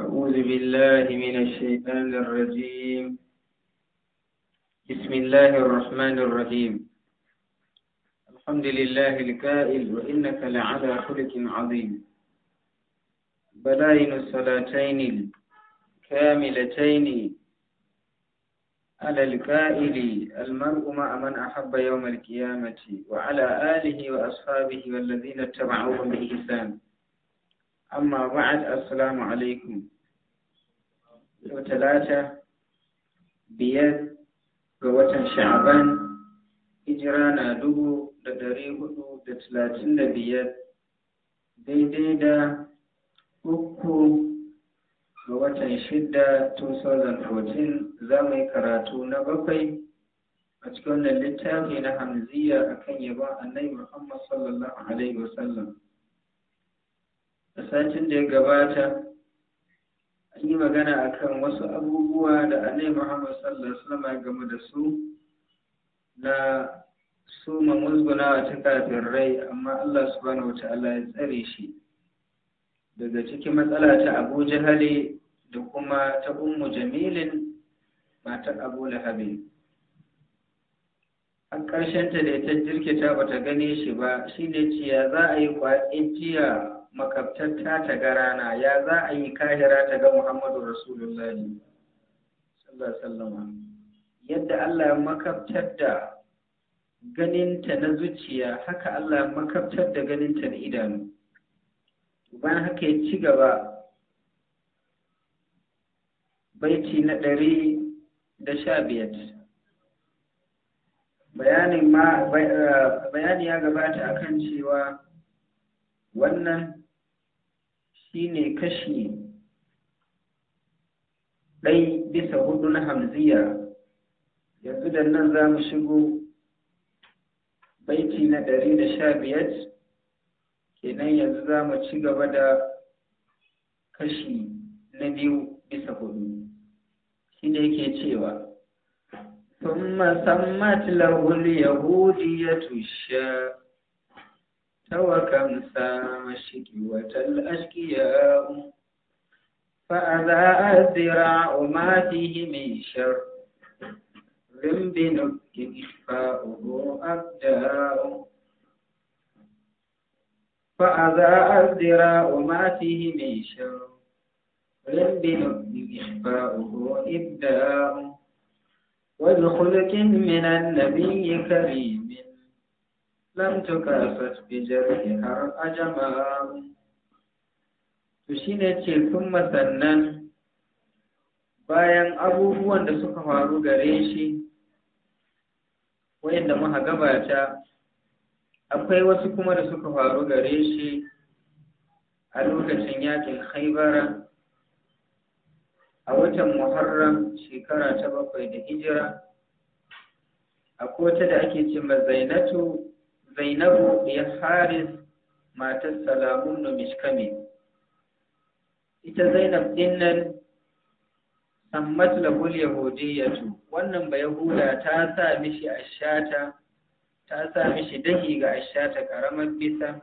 أعوذ بالله من الشيطان الرجيم بسم الله الرحمن الرحيم الحمد لله الكائل وإنك لعلى خلق عظيم بلاين الصلاتين الكاملتين على الكائل المرء مع من أحب يوم القيامة وعلى آله وأصحابه والذين اتبعوهم بإحسان amma بعد السلام alaikum yau talata biyar ga watan sha'aban hijira na dubu da dari hudu da talatin da biyar daidai da uku ga watan shidda 2014 za mu yi karatu na bakwai a cikin littafi na hamziya akan yabon annabi muhammad sallallahu alaihi wasallam satin da ya gabata an yi magana a kan wasu abubuwa da annabi Muhammad sallallahu alaihi wasallam game da su na su mamuzgunawa ta kafin rai amma Allah subhanahu Allah ya tsare shi daga cikin matsala ta Abu Jahali da kuma ta Ummu Jamilin ta Abu Lahabi a ƙarshen ta da ta jirkita bata gane shi ba shi ne ciya za a yi kwaɗin jiya makabtacca ta ga rana ya za a yi kahira ta ga Muhammadu Rasulullahi sallallahu yadda Allah ya makabtar da ganinta na zuciya haka Allah ya makabtar da ganinta na idanu bayan haka ya ci gaba baiti na ɗari da sha biyar bayanin ma eh, bayani ya gabata akan cewa wannan shine kashi ɗai bisa hudu na hamziya yanzu da nan za mu shigo baiti na ɗari da sha biyar kenan yanzu za mu ci gaba da kashi na biyu bisa hudu shi ne yake cewa ثم سمت له اليهودية الشاعر وكم سام الشكوة الأشكياء فأذاء الذراع ما فيه من شر ذم بنك إخفاؤه أبداء فأذاء الذراع ما فيه من شر ذم بنك إخفاؤه إبداء وبخلق من النبي كريم lam tukasat bi har ajama to shine ce kun masannan bayan abubuwan da suka faru gare shi wayanda muka gabata akwai wasu kuma da suka faru gare shi a lokacin yakin haibara a watan muharram shekara ta bakwai da hijira a kota da ake ce Zainatu. zainabu ya haris matar salamun na Mishkami. ita zainab ɗin nan sammat lahul yahudiyatu wannan ba yahuda ta sa mishi ashata ta sa mishi dahi ga ashata karamar bisa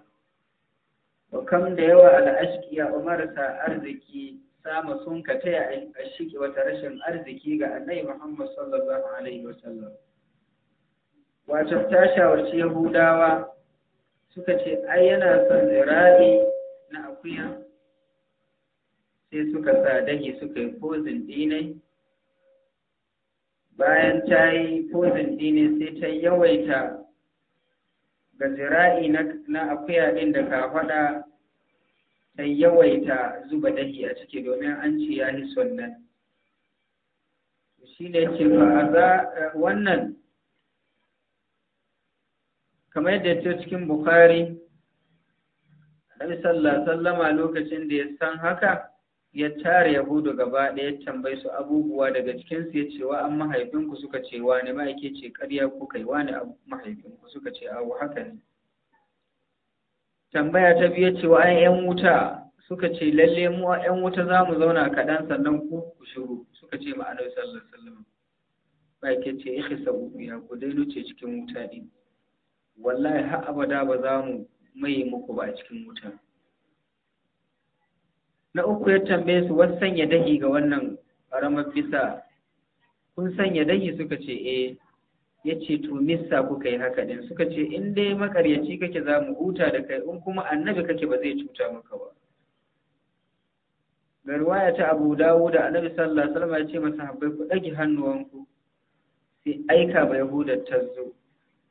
wa kam da yawa al'ashkiya ta arziki sama sun ka taya ashiki wata rashin arziki ga annabi Muhammad sallallahu alaihi wasallam wato ta shawarci yahudawa suka ce ai yana son zira'i na akuya sai suka sa dage suka yi pozin dinai bayan ta yi pozin dinai sai ta yawaita ga zira'i na akuya ɗin da ka faɗa ta yawaita zuba dahi a ciki domin an ci ya yi sannan shi ne ce a wannan kamar yadda ya ce cikin Bukhari Annabi sallallahu sallama lokacin da ya san haka ya tare Yahudu gaba ɗaya ya tambayi su abubuwa daga cikin su ya ce wa an mahaifinku suka ce wa ne ma'aike ce ƙarya ku kai wa ne mahaifinku suka ce abu haka ne tambaya ta biyu ce wa an yan wuta suka ce lalle mu a yan wuta za mu zauna kaɗan sannan ku ku shiru suka ce ma Annabi sallallahu alaihi wasallam ke ce ikhsabu ya ku dai ce cikin wuta ne. wallahi har abada ba za mu mai muku ba a cikin wuta na uku ya tambaye su wasu sanya dahi ga wannan ƙaramar bisa kun sanya dahi suka ce eh ya ce to nisa kuka yi haka din suka ce in dai makaryaci kake za mu huta da kai in kuma annabi kake ba zai cuta maka ba ga ya ta Abu Dawud da Annabi sallallahu alaihi ya ce masa habbai ku dage hannuwanku sai aika ba Yahuda ta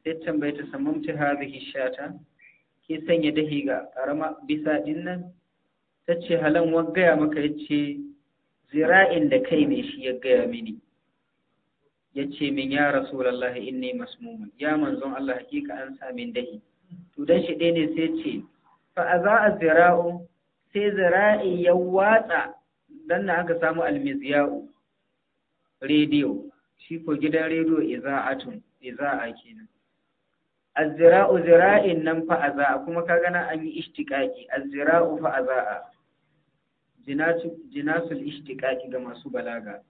sai tambaye ta sammamci hadhihi shata ke sanya dahi ga karama bisa din nan ce halan wa gaya maka yace zira'in da kai ne shi ya gaya mini yace min ya rasu rasulullah inni masmumun ya manzon Allah hakika an sami dahi to dan shi ne sai ce fa aza zira'u sai zira'i ya watsa dan na aka samu almiziya'u rediyo shi ko gidan rediyo iza'atun iza'a kenan azira'u zira'in nan fa aza'a kuma ka gana an yi ishtiqaqi azira'u fa aza'a jinasul ishtiqaqi ga masu balaga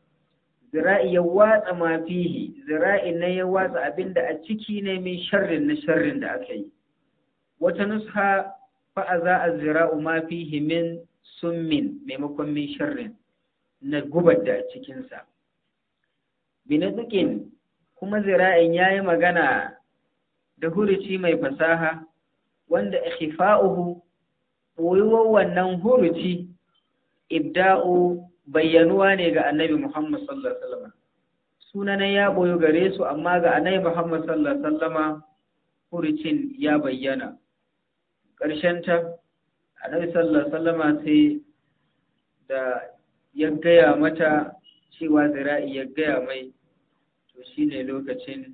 zira'i ya watsa ma fihi zira'in nan ya watsa abinda a ciki ne min sharrin na sharrin da aka yi wata nusha fa aza'a zira'u ma fihi min summin maimakon min sharrin na gubar da a cikinsa Binatukin kuma zira'in ya yi magana da huruci mai fasaha wanda ikhfa'uhu boyuwar wannan huruci ibda'u bayyanuwa ne ga annabi Muhammad sallallahu alaihi wasallam sunanan ya boyo gare su amma ga annabi Muhammad sallallahu alaihi wasallam hurucin ya bayyana ƙarshen ta annabi sallallahu alaihi wasallam sai da ya gaya mata cewa zira'i ya gaya mai to shine lokacin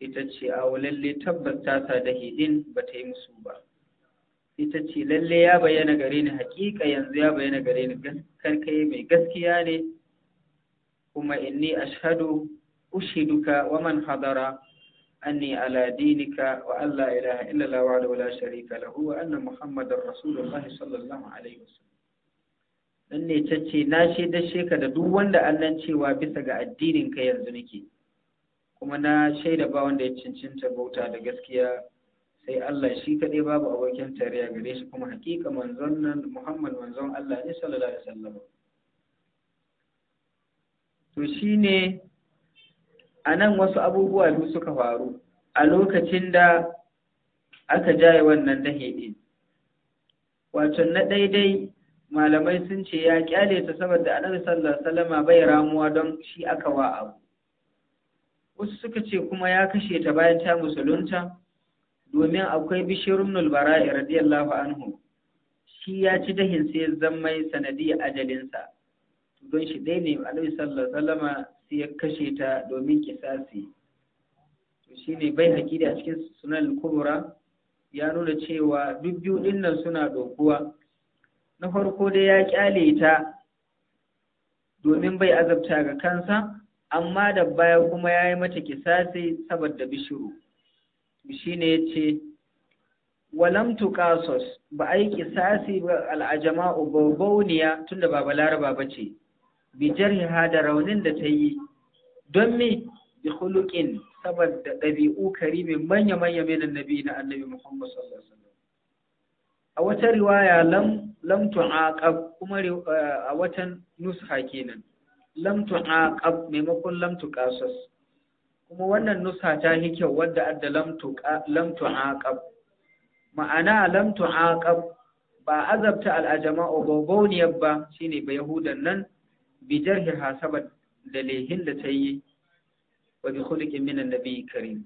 ita ce a lalle tabbas ta sa da hidin ba ta yi musu ba ita ce lalle ya bayyana gare ni hakika yanzu ya bayyana gare ni karkai mai gaskiya ne kuma inni ashhadu ushiduka wa man hadara anni ala dinika wa alla ilaha illa Allah wa la sharika lahu wa anna muhammadar rasulullahi sallallahu alaihi wasallam dan ne ta ce na shaidar sheka da duk wanda Allah cewa bisa ga addinin ka yanzu nake kuma na shaida ba wanda ya cancanta bauta da gaskiya sai Allah shi kaɗai babu abokin tarayya gare shi kuma hakika manzon nan Muhammad manzon Allah ne sallallahu alaihi wasallam to shine anan wasu abubuwa da suka faru a lokacin da aka jaye wannan dahe din wato na daidai malamai sun ce ya kyale ta saboda annabi sallallahu alaihi wasallama bai ramuwa don shi aka wa abu wasu suka ce kuma ya kashe ta bayan ta musulunta domin akwai bishirun nulbara'i radiyallahu anhu shi ya ci dahin sai zammai sanadiyar ajalinsa don shi dai ne alaihi sallallahu alaihi sai ya kashe ta domin kisasi to shi ne bai haƙi a cikin sunan kubura ya nuna cewa duk biyu ɗin suna dokuwa na farko dai ya kyale ta domin bai azabta ga kansa amma da baya kuma ya yi mata kisasi saboda bishiru shi ne ya ce walam Kasos ba a yi kisasi ba al'ajama'u bauniya tunda ba balaraba ba ce bi jarhiha da raunin da ta yi don me bi hulukin saboda ɗabi'u karimin manya-manya mai nabi na annabi muhammad sallallahu alaihi a wata riwaya lam lam kuma a watan nusha kenan lam aqab maimakon lam qasas kuma wannan nusa ta yi kyau wadda adda lam lam aqab ma'ana lam aqab ba azabta al'ajama'u gogoniyar ba shine ba yahudan nan bi jarhi hasabat da lehin da ta yi wa bi khuliqin min annabi karim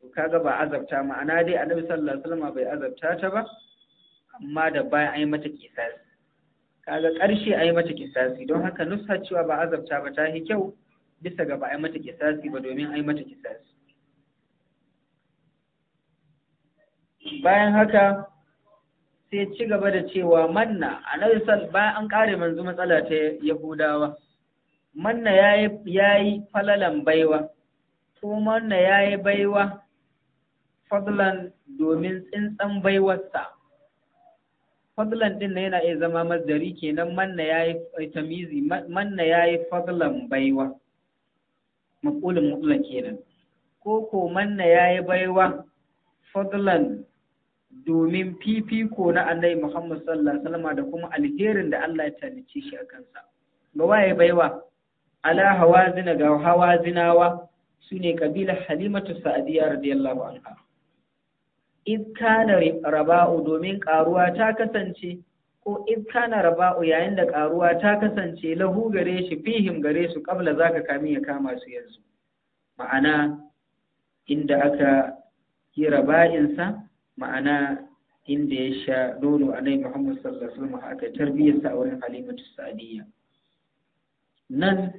to kaga ba azabta ma'ana dai annabi sallallahu alaihi wasallam bai azabta ta ba amma da bayan an yi mata kisasi kaga ƙarshe a yi mata kisasi don haka nusa cewa ba azabta ba ta yi kyau bisa ga ba a yi mata kisasi ba domin a yi mata kisasi bayan haka sai ci gaba da cewa manna a na'usar bayan an kare manzu matsala ta yahudawa manna ya yi falalan baiwa ko manna ya yi baiwa fadlan domin tsintsan baiwarsa fadlan din na yana iya zama masdari kenan manna yayi tamizi manna yayi fadlan baiwa maqulun mutlaq kenan ko ko manna yayi baiwa fadlan domin fifiko na Annabi Muhammad sallallahu alaihi wasallam da kuma alherin da Allah ya talice shi akan sa ga waye baiwa ala hawazina ga hawazinawa sune kabila Halimatu Sa'diya radiyallahu anha iskana raba'u domin karuwa ta kasance ko iskana raba'u yayin da karuwa ta kasance lahu gare shi fihim gare su kabla zaka kami ya kama su yanzu ma'ana inda aka yi raba'insa ma'ana inda ya sha nono a nai Muhammad sallallahu alaihi wasallam aka tarbiyyar a wurin Halimatu Sadiya. nan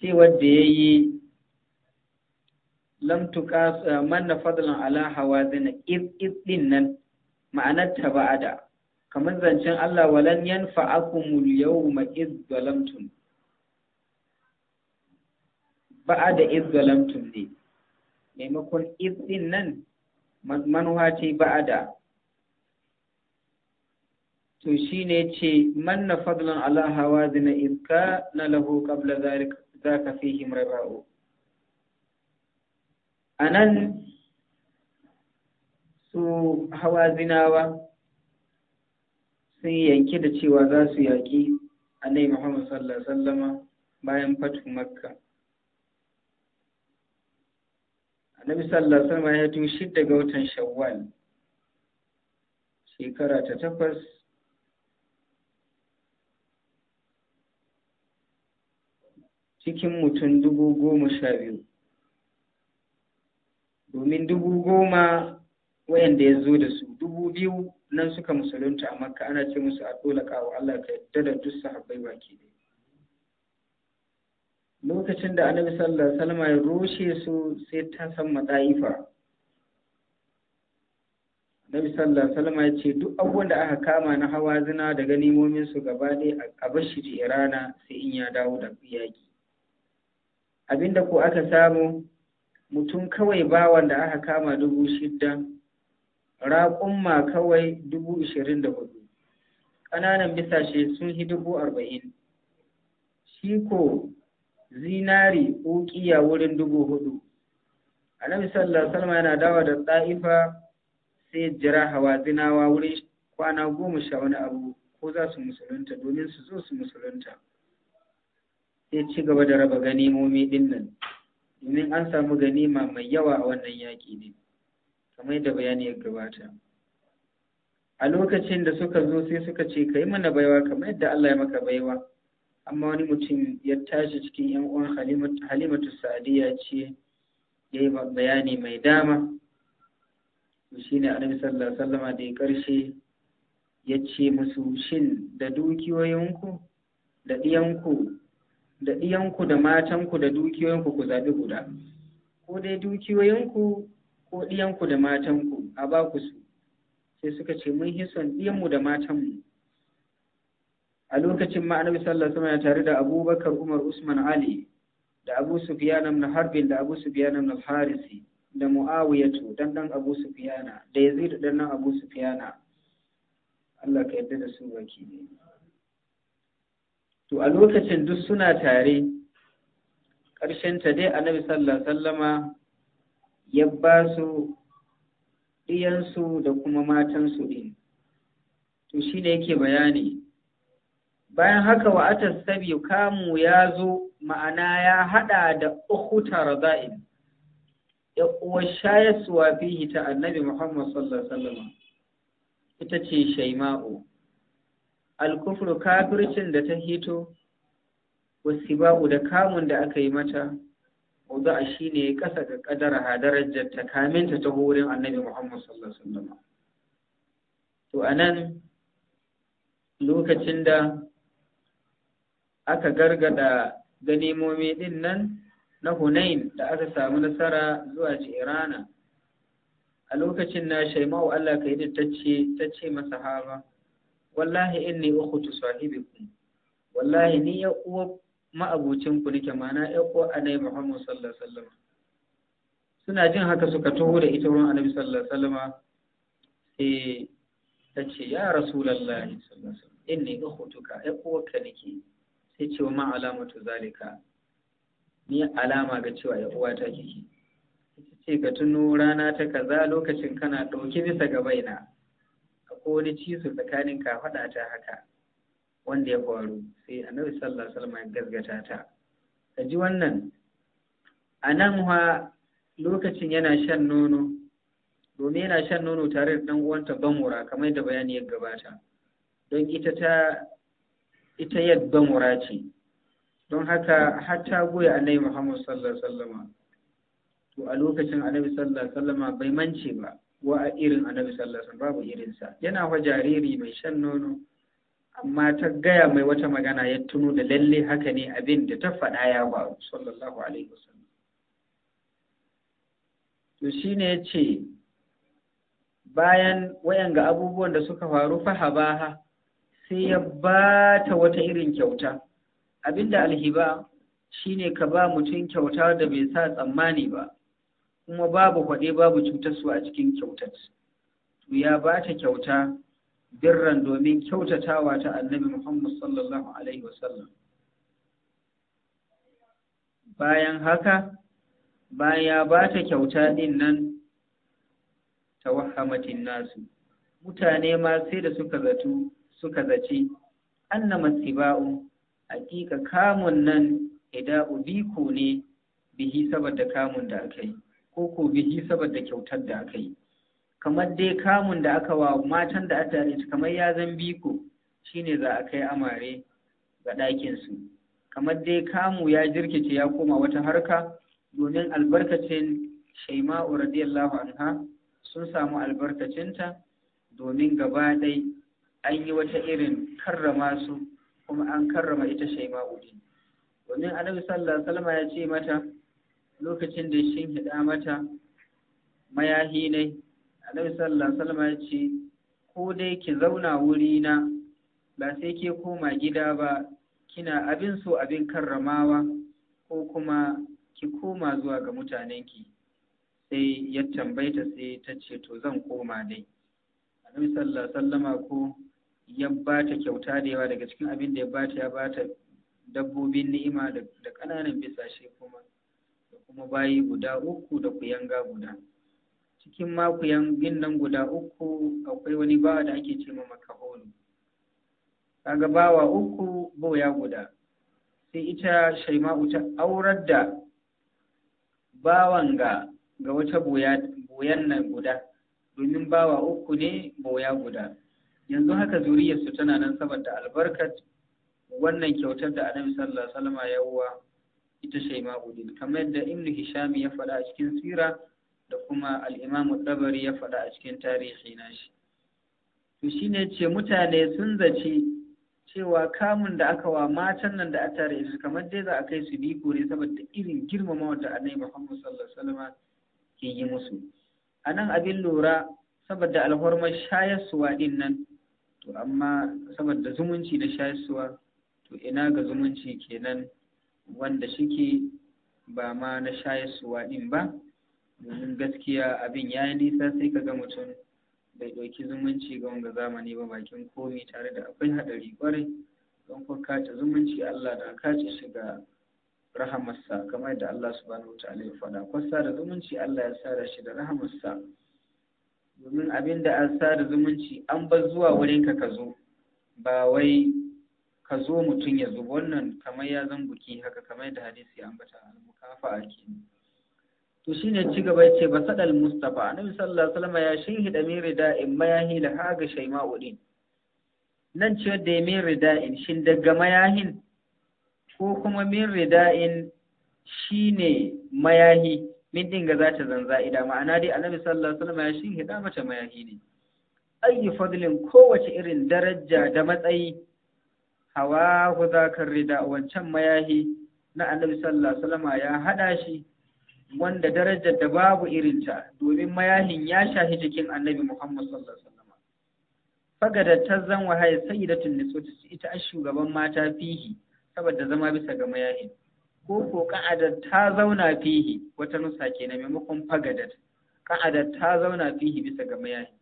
cewar da yayi lam tuqas eh, manna fadlan ala hawazina iz iz din nan ma'anar ba'ada kamar zancen Allah walan yanfa'akumul yawma iz zalamtum ba'ada iz zalamtum ne maimakon iz din nan manuwa ce ba'ada to shine ce manna fadlan ala hawazina iz kana lahu qabla zalika zaka fihim raba'u a nan su hawa zinawa sun yanki da cewa za su yaƙi nai Muhammad sallallahu alaihi sallama bayan fatu makka annabi sallallahu alaihi sallama ya hito daga watan shawwal shekara ta takwas cikin mutum dubu goma sha biyu domin dubu goma wayanda ya zo da su dubu biyu nan suka musulunta a makka ana ce musu a dole kawo Allah ka yadda da duk sahabbai baki ne lokacin da annabi sallallahu alaihi ya rushe su sai ta san mataifa annabi sallallahu alaihi wasallam ya ce duk abubuwan da aka kama na hawa zina da ganimomin su gaba ne a bar shi rana sai in ya dawo da yaki abinda ko aka samu mutum kawai bawan da aka kama dubu shidda raƙumma kawai dubu ishirin da hudu ƙananan bisashe sun yi dubu arba'in shi ko zinari ƙuƙiya wurin dubu hudu A nan sallallahu Salma yana dawa da tsa'ifa sai jira hawa zinawa wurin kwana goma sha wani abu ko za su musulunta domin su zo su musulunta sai ci gaba da raba ganimomi ɗin nan domin an samu ganima mai yawa a wannan yaƙi ne kamar yadda bayani ya gabata a lokacin da suka zo sai suka ce ka yi mana baiwa kamar yadda Allah ya maka baiwa amma wani mutum ya tashi cikin yan uwan halimatu sa'adiyya ce ya yi bayani mai dama shi ne annabi sallallahu alaihi wasallama da ya karshe ya ce musu shin da dukiyoyinku da ɗiyanku da ɗiyanku da matanku da dukiyoyinku ku zaɓi guda ko dai dukiyoyinku ko ɗiyanku da matanku a ba ku su sai suka ce mun hi son ɗiyanmu da matanmu a lokacin ma annabi sallallahu alaihi tare da abubakar umar usman ali da abu sufyan ibn harbin da abu sufyan ibn harisi da muawiyatu dan dan abu sufyana da yazid dan dan abu sufyana Allah ka yarda da su baki ne to a lokacin duk suna tare ta dai annabi sallallahu sallama ya ba su ɗiyansu da kuma matansu ɗin to shi ne yake bayani bayan haka wa atas kamu ya zo ma'ana ya haɗa da ukhuta raza'in ya uwa shayar fihi ta annabi muhammad sallallahu sallama ita ce shaima'u alkufru kafircin da ta hito wasu da kamun da aka yi mata wadda a shi ne ƙasa ga ƙadar hadarajar ta kaminta ta horin annabi muhammad sallallahu alaihi to a nan lokacin da aka gargada ganimomi din nan na hunain da aka samu nasara zuwa ci irana a lokacin na shaima'u allah ka yi ta ce masa hawa. wallahi inni ukhtu sahibikum wallahi ni ya uwa ma'abucin ku nake mana ya uwa anai Muhammad sallallahu alaihi wasallam suna jin haka suka taho da ita wurin Annabi sallallahu alaihi wasallam sai tace ya rasulullahi sallallahu alaihi wasallam inni ukhtuka ya uwa ka nake sai ce ma alamatu zalika ni alama ga cewa ya uwa ta kike ce ka tuno rana ta kaza lokacin kana ɗauki bisa ga baina ko wani cizo tsakanin faɗa ta haka wanda ya faru sai annabi sallallahu alaihi wasallam ya gasgata ta ka ji wannan a nan ha lokacin yana shan nono domin yana shan nono tare da ɗan uwanta bamura kamar da bayani ya gabata don ita ta ita yad bamura ce don haka hatta goya annabi Muhammad sallallahu alaihi wasallam to a lokacin annabi sallallahu alaihi wasallam bai mance ba wa a irin annabi sallallahu alaihi babu irinsa yana wa jariri mai shan nono amma ta gaya mai wata magana ya tuno da lalle haka ne abin da ta faɗa ya ba. sallallahu alaihi wasallam to shine yace ce bayan wayanga abubuwan da suka faru fa fahabaha sai ya bata wata irin kyauta abinda alhiba shine ka ba mutum kyauta da bai sa tsammani ba kuma babu kwaɗe babu cutar su a cikin kyautar ya ba ta kyauta birran domin kyautatawa ta annabi Muhammad sallallahu Alaihi wasallam. Bayan haka, bayan ya ba ta kyauta ɗin nan ta wahamatin nasu, mutane ma sai da suka zatu suka zace, annama siba'u hakika kamun nan ida ubiku ne bihi saboda kamun da aka yi. ko ko saboda kyautar da aka yi kamar dai kamun da aka wa matan da aka yi kamar ya zan biko shine za a kai amare ga ɗakinsu. kamar dai kamu ya jirkice ya koma wata harka domin albarkacin shaima'u radiyallahu anha sun samu albarkacinta domin gaba ɗai an yi wata irin karrama su kuma an karrama ita shaima'u din domin annabi sallallahu alaihi ya ce mata lokacin da shin hida mata mayahi ne Annabi sallallahu alaihi wasallam ya ce ko dai ki zauna wuri na ba sai ke koma gida ba kina abin so abin karramawa ko kuma ki koma zuwa ga mutanenki sai ya tambaita sai ta ce to zan koma dai Annabi sallallahu alaihi ko ya bata kyauta da yawa daga cikin abin da ya bata ya bata dabbobin ni'ima da ƙananan bisashe kuma da kuma bayi guda uku da kuyanga guda cikin ma kuyangin nan guda uku akwai wani bawa da ake ce ma makaholu kaga bawa uku boya guda sai ita shaima'u ta aurar da bawan ga wata boyan nan guda domin bawa uku ne boya guda yanzu haka zuriyarsu tana nan saboda albarkat wannan kyautar da annabi sallallahu alaihi wasallam ya ita Shaima'uddin kamar yadda Ibn Hishami ya faɗa a cikin sira da kuma al-Imam Dabari ya faɗa a cikin tarihi shi. to shine ce mutane sun zaci cewa kamun da aka wa matan nan da a tare su kamar dai za a kai su biko ne saboda irin girmama da Annabi Muhammad sallallahu alaihi wasallam ke yi musu anan abin lura saboda alhormar shayarsuwa din nan to amma saboda zumunci da shayarsuwa to ina ga zumunci kenan wanda shike ba ma na shayarwa ɗin ba domin gaskiya abin ya yi nisa sai ka ga mutum bai ɗauki zumunci ga wanga zamani ba bakin komi tare da akwai haɗari ƙwarai don ko kace zumunci Allah da kace shi ga rahamarsa kamar yadda Allah subhanahu wataala ya faɗa kwasa da zumunci Allah ya sada shi da rahamarsa domin abin da an sada zumunci an bar zuwa wurinka ka zo ba wai ka zo mutum ya zo, wannan kamar ya zan buki haka kamar da hadisi ya ambata al-mukafa ke. to shi ne ci gaba ba saɗal mustafa annabi sallallahu alaihi wasallam ya shin hida ma ya hila ha ga Shaima din nan ce da min rida'in shin daga mayahin ko kuma min rida'in shine mayahi min dinga za ta zanza ida ma'ana dai annabi sallallahu alaihi wasallam ya shin hida mata mayahi ne ayi fadlin kowace irin daraja da matsayi hawa ku zakar rida wancan mayahi na annabi sallallahu alaihi wasallam ya hada shi wanda darajar da babu irin ta domin mayahin ya shahi jikin annabi Muhammad sallallahu alaihi wasallam fagada ta zan wahaya sayyidatun su ita a shugaban mata fihi saboda zama bisa ga mayahin ko ko ka'ada ta zauna fihi wata nusa kenan maimakon fagada ka'ada ta zauna fihi bisa ga mayahin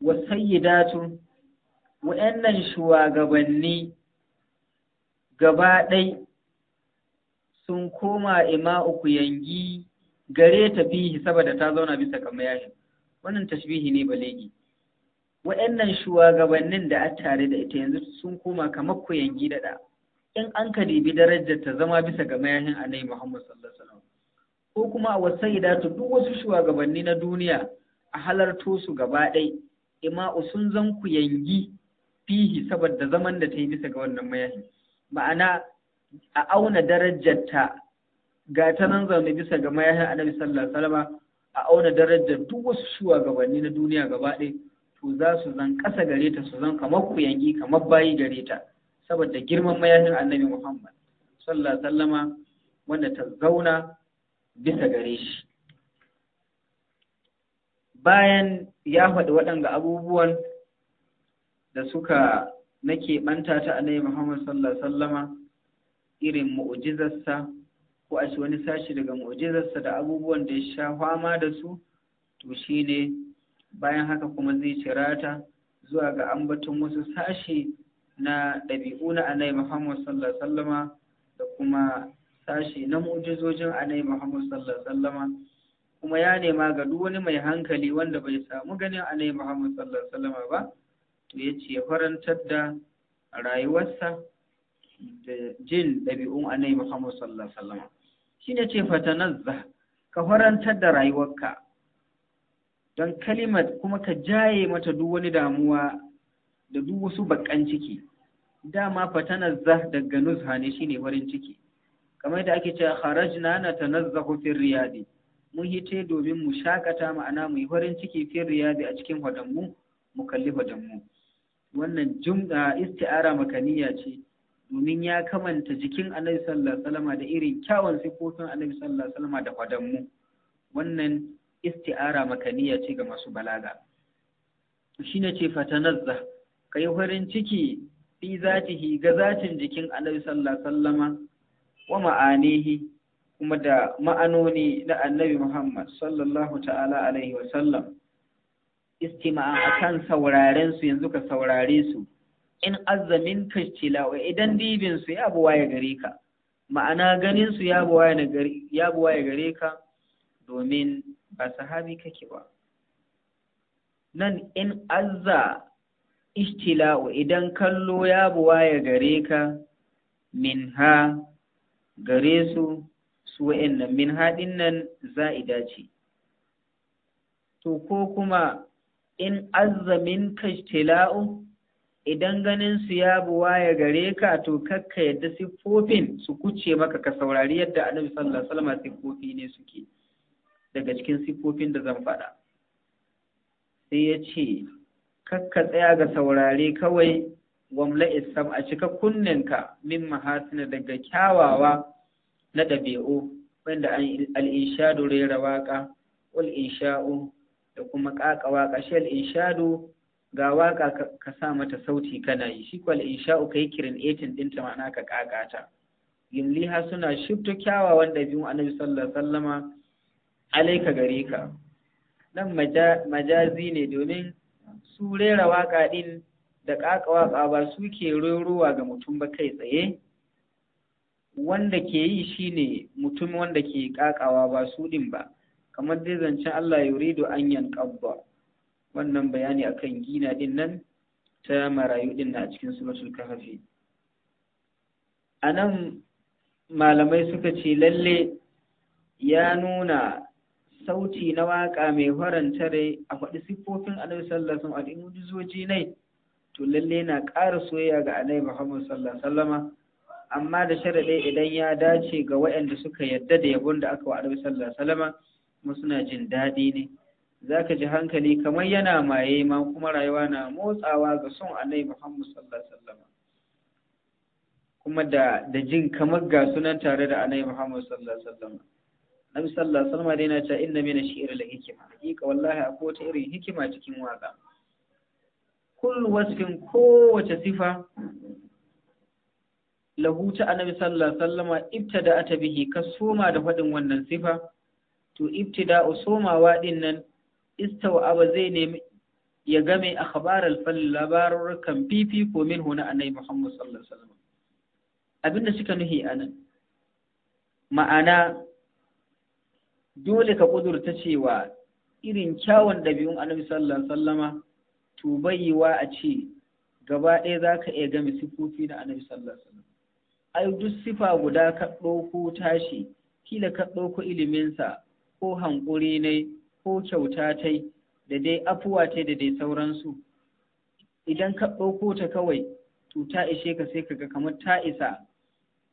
wa sayyidatun wa'annan shugabanni gaba ɗai sun koma ima uku yangi gare ta fihi saboda ta zauna bisa kamar yashi wannan tashbihi ne balegi wa'annan shugabannin da a tare da ita yanzu sun koma kamar ku yangi daɗa in an ka dibi darajar ta zama bisa ga mayahin annabi Muhammad sallallahu alaihi wasallam ko kuma wa sayyidatu duk wasu shugabanni na duniya a halarto su gaba ɗai ima'u sun zan ku yangi fihi saboda zaman da ta yi bisa ga wannan mayahi ma'ana a auna darajarta ga ta nan zaune bisa ga mayahin annabi sallallahu alaihi wasallam a auna darajar duk wasu shugabanni na duniya gaba ɗaya to za su zan ƙasa gare ta su zan kamar kuyangi kamar bayi gare ta saboda girman mayahin annabi Muhammad sallallahu alaihi wasallama wanda ta zauna bisa gare shi bayan ya faɗi waɗanga abubuwan da suka na keɓanta ta nai Muhammad sallallahu alaihi wasallama irin mu'jizarsa ko a wani sashi daga mu'jizarsa da abubuwan da ya sha fama da su to shine bayan haka kuma zai cirata zuwa ga ambaton wasu sashi na ɗabi'u na annabi Muhammad sallallahu alaihi wasallama da kuma sashi na mu'jizojin annabi Muhammad sallallahu alaihi wasallama kuma ya nema ga duk wani mai hankali wanda bai samu ganin annabi Muhammad sallallahu alaihi wasallama ba to ya ce ya farantar da rayuwarsa da jin ɗabi'un annabi Muhammad sallallahu alaihi wasallam ne ce fatanazza ka farantar da rayuwarka don kalimat kuma ka jaye mata duk wani damuwa da duk wasu bakan ciki dama fatanazza daga nuzha ne shine farin ciki kamar da ake cewa kharajna na tanazzahu fi riyadi mun hite domin mu shakata ma'ana mu yi farin ciki fi riyadi a cikin wadanmu mu kalli wadanmu wannan jumda isti'ara makaniya ce domin ya kamanta jikin annabi sallallahu alaihi wasallam da irin kyawun sifofin annabi sallallahu alaihi wasallam da kwadanmu wannan isti'ara makaniya ce ga masu balaga shine ce fatanazza kai farin ciki fi zatihi ga zatin jikin annabi sallallahu alaihi wasallama wa ma'anihi kuma da ma'anoni na annabi Muhammad sallallahu ta'ala alaihi wasallam istima'an a sauraren su yanzu ka saurare su in azamin kastila idan dibin ya buwa ya gare ka ma'ana ganin su ya buwa ya gare ka domin ba sahabi kake ba nan in azza istila'u idan kallo ya buwa ya gare ka min ha gare su su nan min haɗin nan za'ida ce to ko kuma in azzamin kashtila'u idan ganin su ya buwa ya gare ka to kakka yadda siffofin su kuce maka ka saurari yadda annabi sallallahu alaihi wasallam siffofi ne suke daga cikin siffofin da zan faɗa sai ya ce kakka tsaya ga saurare kawai gwamla isam a cika kunninka min mahasina daga kyawawa na ɗabi'u wanda al-inshadu rera waƙa wal insha'u da kuma ƙaƙa waƙa shal inshado ga waƙa ka sa mata sauti kana yi shi kwal insha'u kai kirin etin ɗinta ma'ana ka ƙaƙa ta yimliha suna shifto kyawawan ɗabi'un annabi sallallahu alaihi wasallama alaika gare ka nan majazi ne domin su rera waƙa ɗin da ƙaƙa waƙa ba su ke rerowa ga mutum ba kai tsaye wanda ke yi shine mutum wanda ke ƙaƙawa ba su ɗin ba kamar dai zancen Allah rido an ƙabba. wannan bayani akan gina din nan ta marayu din na cikin suratul A anan malamai suka ce lalle ya nuna sauti na waka mai horon tare a faɗi siffofin annabi sallallahu alaihi wasallam a ne to lalle na ƙara soyayya ga annabi Muhammad sallallahu alaihi wasallama amma da ɗaya idan ya dace ga waɗanda suka yadda da yabon da aka wa annabi sallallahu alaihi wasallama kuma suna jin daɗi ne za ka ji hankali kamar yana maye ma kuma rayuwa na motsawa ga son nai muhammad sallallahu alaihi kuma da da jin kamar ga sunan tare da nai muhammad sallallahu alaihi wasallam nabi sallallahu alaihi wasallam dai na ce inna min shi'ri la hikima hakika wallahi akwai wata irin hikima cikin waka kullu wasfin kowace sifa lahu ta annabi sallallahu alaihi wasallama ibtada bihi soma da fadin wannan sifa to ibtida'u somawa din nan istawa'aba zai nemi ya game a al-fal labarukan pipi ko min huna annabi Muhammad sallallahu alaihi wasallam abinda suka nuhi anan ma'ana dole ka kudurta cewa irin kyawun dabi'un annabi sallallahu alaihi wasallama to bayyawa a ce gaba ɗaya za ka iya game sifofi na annabi sallallahu alaihi wasallam ai duk sifa guda ka ɗauko tashi kila ka ɗauko iliminsa ko hankuri ne ko kyauta tai da dai afuwa tai da dai sauransu idan ka ɗauko ta kawai to ta ishe ka sai kaga kamar ta isa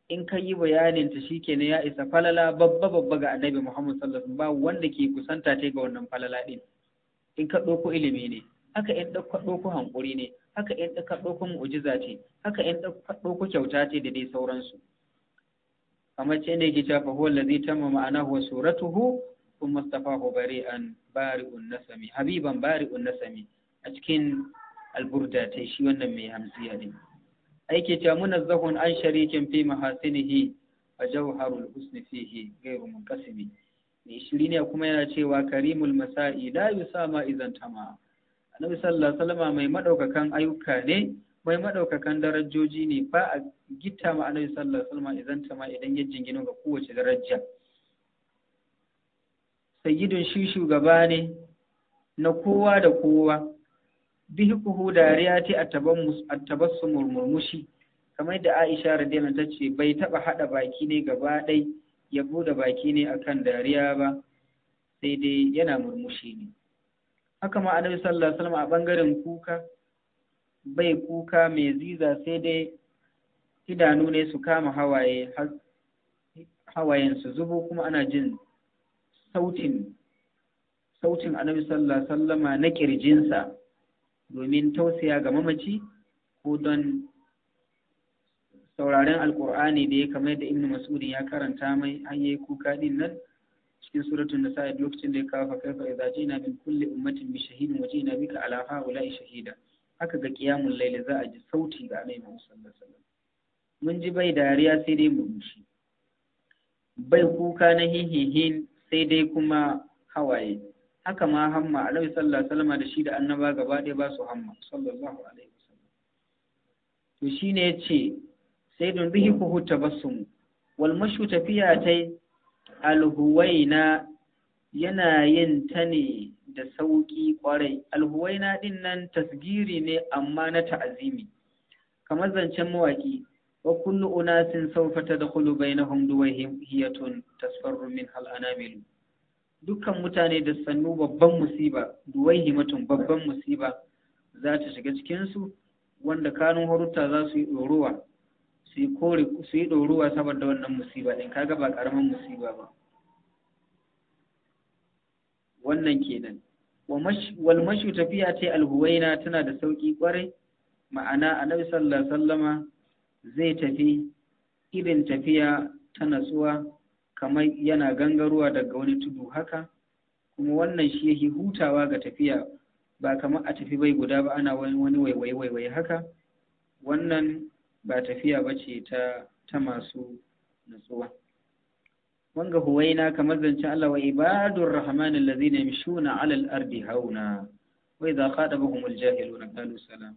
in ka yi bayanin ta shikenan ya isa falala babba babba ga annabi Muhammad sallallahu alaihi wasallam ba wanda ke kusanta tai ga wannan falala din in ka ɗauko ilimi ne haka in ka ɗauko hankuri ne haka in ka ɗauko mu'jiza ce haka in ka ɗauko kyauta ce da dai sauransu kamar ce ne ke cewa fa huwa allazi tamma ma'anahu wa suratuhu kuma Mustafa bari'an bari'un nasami habiban bari'un nasami a cikin alburda ta shi wannan mai hamsiya ne aike ta munazzahun an sharikin fi mahasinihi a jawharul husni fihi mun munqasimi ne shiri ne kuma yana cewa karimul masa'i la yusama idan tama annabi sallallahu alaihi wasallam mai madaukakan ayyuka ne mai madaukakan darajoji ne ba a gita ma annabi sallallahu alaihi wasallam idan tama idan ya jingino ga kowace daraja sayyidun shi shugaba ne na kowa da kowa bihi kuhu dariya ce a tabassu murmurmushi kamar da Aisha radiyallahu ta ce bai taba hada baki ne gaba dai ya bude baki ne akan dariya ba sai dai yana murmushi ne haka ma annabi sallallahu alaihi wasallam a bangaren kuka bai kuka mai ziza sai dai idanu ne su kama hawaye hawayen su zubo kuma ana jin sautin sautin annabi sallallahu alaihi wasallama na kirjinsa domin tausaya ga mamaci ko don sauraren alkur'ani da ya kamar da ibnu mas'udin ya karanta mai an yi kuka din nan cikin suratul nisa lokacin da ya kai fa idza jina min kulli ummatin bi shahidin wa jina bika ala haula'i shahida haka ga qiyamul layl za a ji sauti ga annabi sallallahu alaihi wasallam mun ji bai dariya sai dai mu bai kuka na hihihin sai dai kuma hawaye haka ma hamma alaihi sallallahu alaihi da shi da annaba gaba ɗaya ba su hamma sallallahu alaihi wasallam to shine yace sai dun bihi ku hutta basum wal mashu tafiya tai alhuwaina yana yin ta ne da sauƙi ƙwarai alhuwaina din nan tasgiri ne amma na ta'azimi kamar zancen mawaki وكل أناس سوف تدخل بينهم دويهية تسفر منها الأنامل dukkan mutane da sannu babban musiba (duwai duwaihimatun babban musiba za ta shiga cikinsu wanda kanun horuta za su yi ɗoruwa su yi kore su yi ɗoruwa saboda wannan musiba ɗin kaga ba ƙaramin musiba ba wannan kenan wal mashu tafiya ce alhuwaina tana da sauƙi ƙwarai ma'ana annabi sallallahu alaihi wasallama zai tafi irin tafiya ta natsuwa kamar yana gangarowa daga wani tudu haka kuma wannan shi yake hutawa ga tafiya ba kamar a tafi bai guda ba ana wani wani haka wannan ba tafiya ba ce ta ta masu natsuwa wanga huwaina kamar zancen Allah wa ibadur rahman allazina yamshuna alal ardi hauna wa idza jahilu na qalu Salam?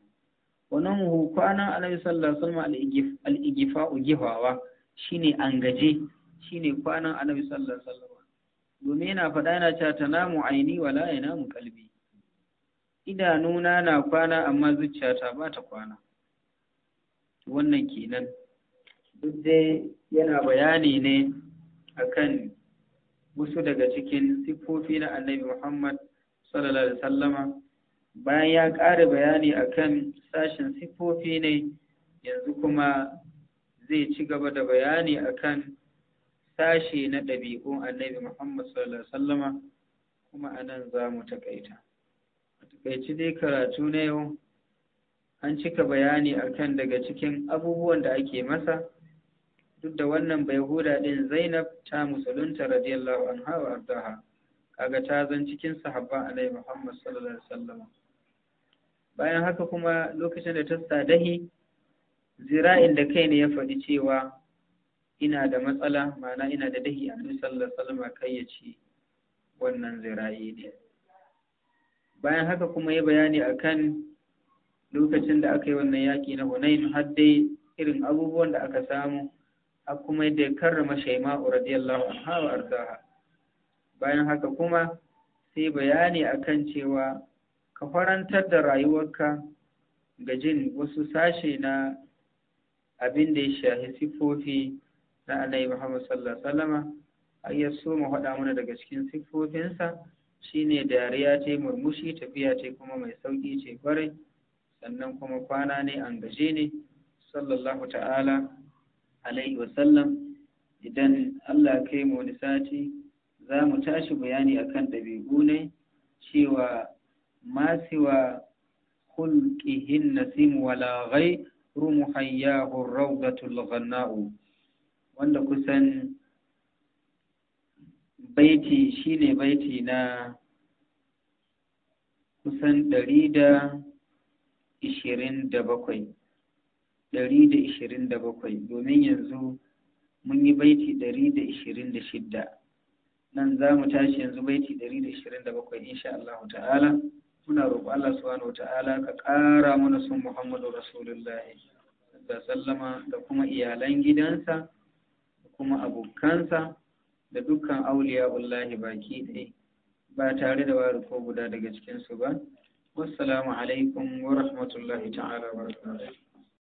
wannan mu kwana alaihi sallallahu alaihi wasallam al-igifa gifawa shine angaje shine kwanan alaihi sallallahu alaihi wasallam domin yana faɗa yana cewa tanamu aini wala yanamu Ida idanuna na kwana amma zuciyata ba ta kwana wannan kenan duk dai yana bayani ne akan wasu daga cikin siffofi na annabi Muhammad sallallahu alaihi wasallama bayan ya ƙara bayani akan sashen siffofi ne yanzu kuma zai ci gaba da bayani akan sashe na ɗabi'un annabi Muhammad sallallahu alaihi wasallama kuma anan za mu taƙaita. a dai karatu na yau an cika bayani akan daga cikin abubuwan da ake masa duk da wannan bai huda ɗin zainab ta musulunta radiyallahu anha wa kaga ta zan cikin sahabban alai muhammad sallallahu alaihi wasallama bayan haka kuma lokacin da ta sadahi zira'in da kai ne ya faɗi cewa ina da matsala ma'ana ina da dahi a sallar salma kai ya ce wannan zira'i ne bayan haka kuma ya bayani akan lokacin da aka yi wannan yaƙi na hunain har dai irin abubuwan da aka samu a kuma yadda ya karrama shaima, radiyallahu anha wa bayan haka kuma sai bayani akan cewa ka farantar da rayuwarka ga jin wasu sashe na abin da ya shahi siffofi na annabi Muhammad sallallahu alaihi wasallama ai ya so mu faɗa mana daga cikin siffofinsa shine dariya ce murmushi tafiya ce kuma mai sauki ce kwarai sannan kuma kwana ne an gaje ne sallallahu ta'ala alaihi wasallam idan Allah kai mu sati za mu tashi bayani akan dabi'u ne cewa ما سوى خلقهن سم ولا غير محياه الروضة الغناء wanda kusan baiti shine baiti na kusan ɗari da ishirin da bakwai ɗari da ishirin da bakwai domin yanzu mun yi baiti ɗari da ishirin da shidda nan za mu tashi yanzu baiti ɗari da ishirin da bakwai insha Allah ta'ala muna roƙo Allah subhanahu ala ka ƙara mana sun Muhammadu Rasulullahi da sallama da kuma iyalan gidansa da kuma abokansa da dukkan auliya'ullahi baki ɗaya ba tare da wari ko guda daga cikinsu ba wassalamu alaikum wa rahmatullahi ta'ala wa rahmatullahi.